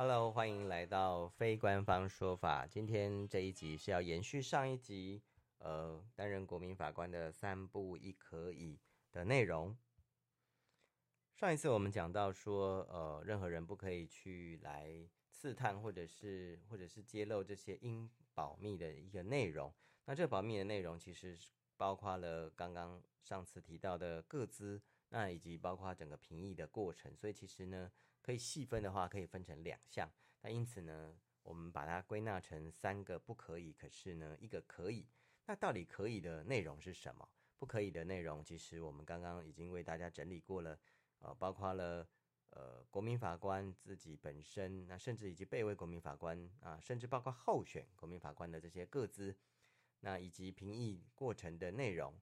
Hello，歡迎來到非官方說法。今天這一集是要延續上一集，呃，擔任國民法官的三不一可以的內容。上一次我們講到說，呃，任何人不可以去來刺探或者是或者是揭露這些應保密的一個內容。那這保密的內容，其實包括了剛剛上次提到的個資。那以及包括整個評議的過程，所以其實呢，可以細分的話，可以分成兩項。那因此呢，我們把它歸納成三個不可以，可是呢，一個可以。那到底可以的內容是什麼？不可以的內容，其實我們剛剛已經為大家整理過了，呃，包括了呃國民法官自己本身，那甚至以及備位國民法官啊，甚至包括候選國民法官的這些個資。那以及評議過程的內容，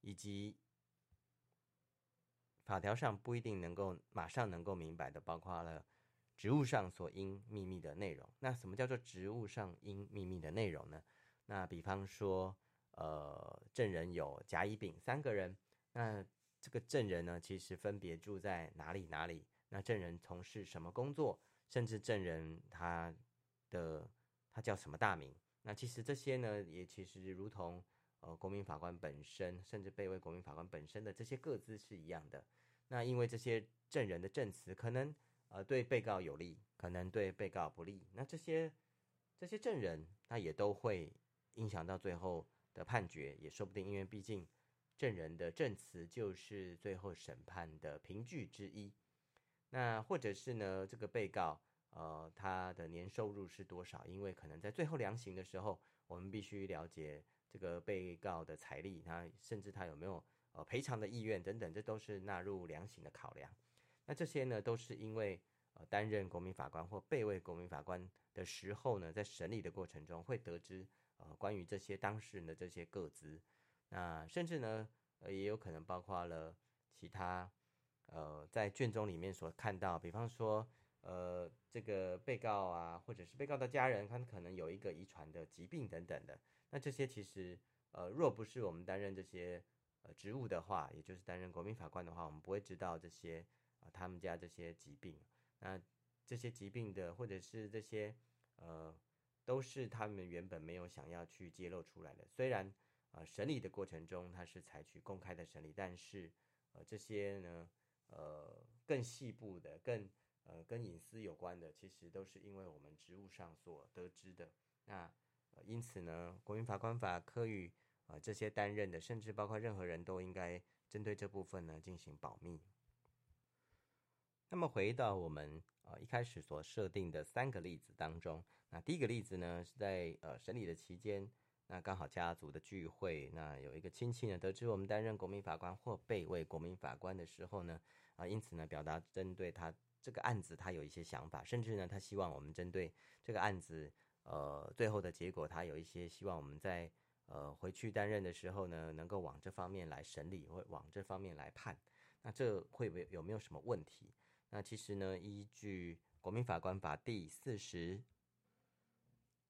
以及。法條上不一定能夠馬上能夠明白的，包括了職務上所應秘密的內容。那什麼叫做職務上應秘密的內容呢？那比方說，呃，證人有甲、乙、丙三個人，那這個證人呢，其實分別住在哪裡哪裡？那證人從事什麼工作？甚至證人他的他叫什麼大名？那其實這些呢，也其實如同呃，國民法官本身，甚至備位國民法官本身的這些個資是一樣的。那因為這些證人的證詞可能呃，對被告有利，可能對被告不利，那這些這些證人他也都會影響到最後的判決，也說不定，因為畢竟證人的證詞就是最後審判的憑據之一。那或者是呢，這個被告呃，他的年收入是多少？因為可能在最後量刑的時候，我們必須了解這個被告的財力，他甚至他有沒有。呃，賠償的意願等等，這都是納入量刑的考量。那這些呢，都是因為呃，擔任國民法官或備位國民法官的時候呢，在審理的過程中會得知呃，關於這些當事人的這些個資。那甚至呢，呃，也有可能包括了其他呃，在卷宗裡面所看到，比方說呃，這個被告啊，或者是被告的家人，他們可能有一個遺傳的疾病等等的。那這些其實呃，若不是我們擔任這些。職務的話，也就是擔任國民法官的話，我們不會知道這些啊、呃，他們家這些疾病，那這些疾病的或者是這些呃，都是他們原本沒有想要去揭露出來的。雖然呃，審理的過程中他是採取公開的審理，但是呃，這些呢，呃，更細部的、更呃跟隱私有關的，其實都是因為我們職務上所得知的。那、呃、因此呢，國民法官法可以。呃、這些擔任的，甚至包括任何人都應該針對這部分呢進行保密。那麼回到我們、呃、一開始所設定的三個例子當中，那第一個例子呢是在呃審理的期間，那剛好家族的聚會，那有一個親戚呢得知我們擔任國民法官或備位國民法官的時候呢，啊、呃，因此呢表達針對他這個案子他有一些想法，甚至呢他希望我們針對這個案子，呃，最後的結果他有一些希望我們在，呃，回去擔任的時候呢，能夠往這方面來審理或往這方面來判，那這會不會有沒有什麼問題？那其實呢，依據《國民法官法》第四十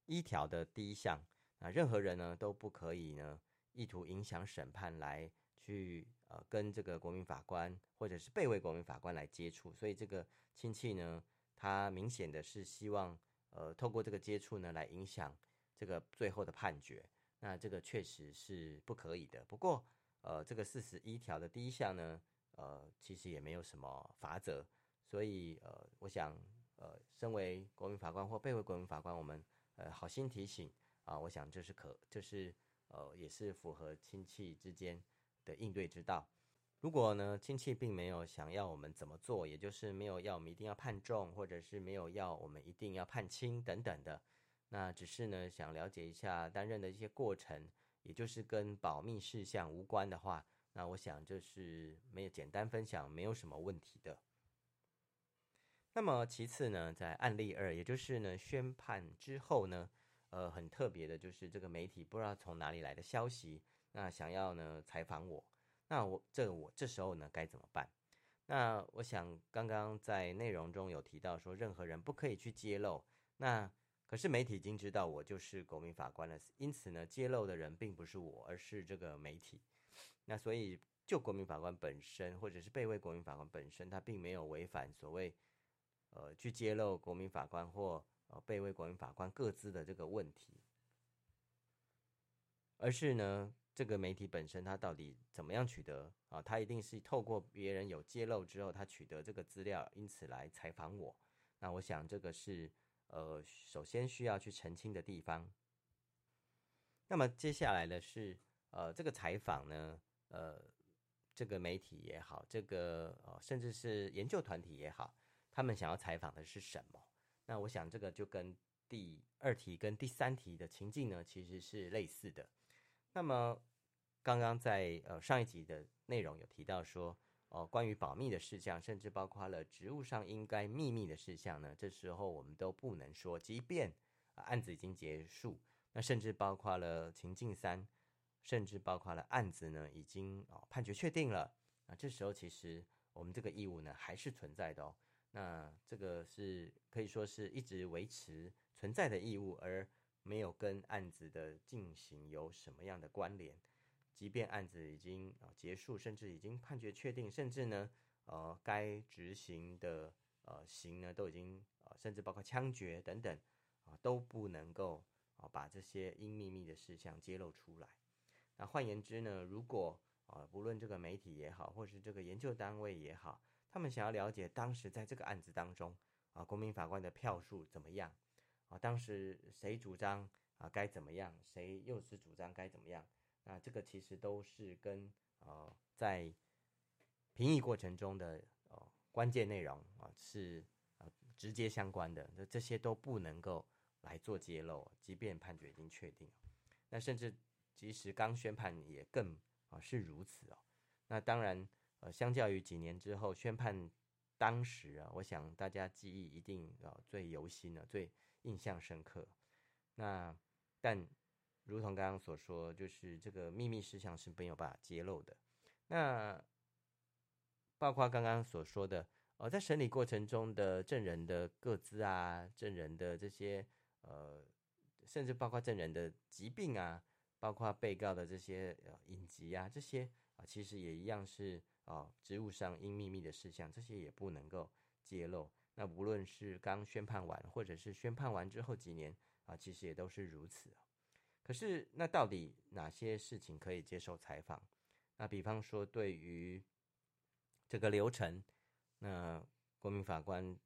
一條的第一項，那任何人呢都不可以呢意圖影響審判來去呃跟這個國民法官或者是備位國民法官來接觸，所以這個親戚呢他明顯的是希望呃透過這個接觸呢來影響這個最後的判決。那這個確實是不可以的。不過，呃，這個四十一條的第一項呢，呃，其實也沒有什麼罰則，所以呃，我想，呃，身為國民法官或備位國民法官，我們呃，好心提醒啊、呃，我想這是可，這是呃，也是符合親戚之間的應對之道。如果呢，親戚並沒有想要我們怎麼做，也就是沒有要我們一定要判重，或者是沒有要我們一定要判輕等等的。那只是呢，想了解一下擔任的一些過程，也就是跟保密事項無關的話，那我想就是沒有簡單分享，沒有什麼問題的。那麼其次呢，在案例二，也就是呢宣判之後呢，呃，很特別的就是這個媒體不知道從哪裡來的消息，那想要呢採訪我，那我這個、我這時候呢該怎麼辦？那我想剛剛在內容中有提到說，任何人不可以去揭露那。可是媒體已經知道我就是國民法官了，因此呢，揭露的人並不是我，而是這個媒體。那所以，就國民法官本身，或者是備位國民法官本身，他並沒有違反所謂呃去揭露國民法官或呃備位國民法官各自的這個問題，而是呢，這個媒體本身，他到底怎麼樣取得啊？他一定是透過別人有揭露之後，他取得這個資料，因此來採訪我。那我想這個是。呃，首先需要去澄清的地方。那麼接下來的是呃這個採訪呢，呃這個媒體也好，這個呃甚至是研究團體也好，他們想要採訪的是什麼？那我想這個就跟第二題跟第三題的情境呢，其實是類似的。那麼剛剛在呃上一集的內容有提到說。哦，關於保密的事項，甚至包括了職務上應該秘密的事項呢，這時候我們都不能說。即便案子已經結束，那甚至包括了情境三，甚至包括了案子呢已經哦判決確定了，那這時候其實我們這個義務呢還是存在的哦。那這個是可以說是一直維持存在的義務，而沒有跟案子的進行有什麼樣的關聯。即便案子已經啊結束，甚至已經判決確定，甚至呢，呃，該執行的呃刑呢都已經、呃、甚至包括槍決等等啊、呃，都不能夠啊、呃、把這些應秘密的事項揭露出來。那換言之呢，如果啊、呃，不論這個媒體也好，或是這個研究單位也好，他們想要了解當時在這個案子當中啊、呃，國民法官的票數怎麼樣啊、呃，當時誰主張啊、呃、該怎麼樣，誰又是主張該怎麼樣？那這個其實都是跟呃在評議過程中的呃關鍵內容啊、呃、是、呃、直接相關的，那這些都不能夠來做揭露，即便判決已經確定，那甚至即使剛宣判也更、呃、是如此哦。那當然呃相較於幾年之後宣判當時啊，我想大家記憶一定啊、呃、最猶新了，最印象深刻。那但。如同剛剛所說，就是這個秘密事項是沒有辦法揭露的。那包括剛剛所說的，呃，在審理過程中的證人的個資啊，證人的這些呃，甚至包括證人的疾病啊，包括被告的這些呃隱疾啊，這些啊、呃，其實也一樣是啊，職、呃、務上因秘密的事項，這些也不能夠揭露。那無論是剛宣判完，或者是宣判完之後幾年啊、呃，其實也都是如此。可是，那到底哪些事情可以接受採訪？那比方說，對於這個流程，那國民法官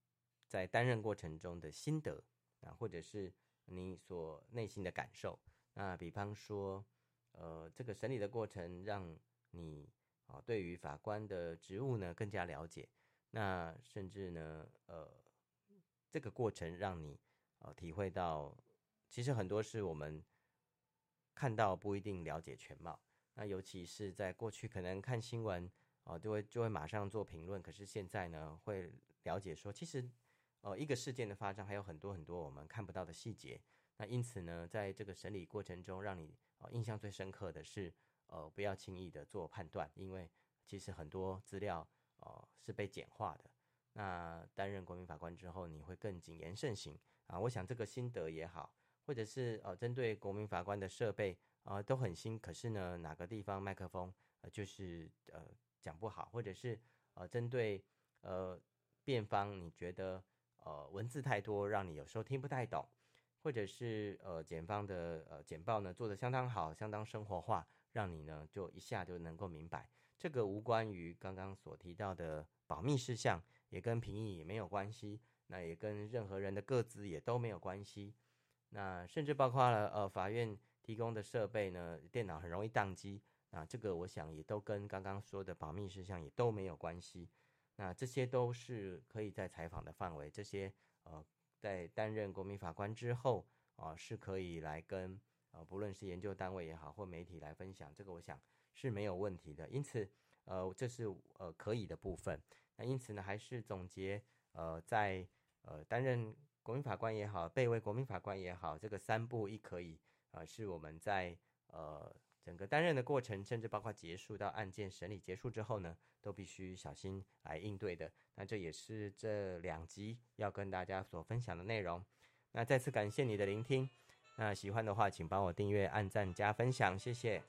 在擔任過程中的心得啊，或者是你所內心的感受。那比方說，呃，這個審理的過程讓你啊、呃，對於法官的職務呢更加了解。那甚至呢，呃，這個過程讓你啊、呃、體會到，其實很多是我們。看到不一定了解全貌，那尤其是在過去，可能看新聞啊、呃，就會就會馬上做評論。可是現在呢，會了解說，其實呃一個事件的發展還有很多很多我們看不到的細節。那因此呢，在這個審理過程中，讓你、呃、印象最深刻的是，呃，不要輕易的做判斷，因為其實很多資料呃是被簡化的。那擔任國民法官之後，你會更謹言慎行啊。我想這個心得也好。或者是呃，針對國民法官的設備啊、呃、都很新，可是呢，哪個地方麥克風呃就是呃講不好，或者是呃針對呃辯方，你覺得呃文字太多，讓你有時候聽不太懂，或者是呃檢方的呃簡報呢做的相當好，相當生活化，讓你呢就一下就能夠明白。這個無關於剛剛所提到的保密事項，也跟評議也沒有關係，那也跟任何人的個資也都沒有關係。那甚至包括了呃法院提供的設備呢，電腦很容易宕機，那這個我想也都跟剛剛說的保密事項也都沒有關係，那這些都是可以在採訪的範圍，這些呃在擔任國民法官之後啊，呃，是可以來跟呃不論是研究單位也好或媒體來分享，這個我想是沒有問題的，因此呃這是呃可以的部分，那因此呢還是總結呃在呃擔任。國民法官也好，備位國民法官也好，這個三不一可以啊、呃，是我們在呃整個擔任的過程，甚至包括結束到案件審理結束之後呢，都必須小心來應對的。那這也是這兩集要跟大家所分享的內容。那再次感謝你的聆聽。那喜歡的話，請幫我訂閱、按贊、加分享，謝謝。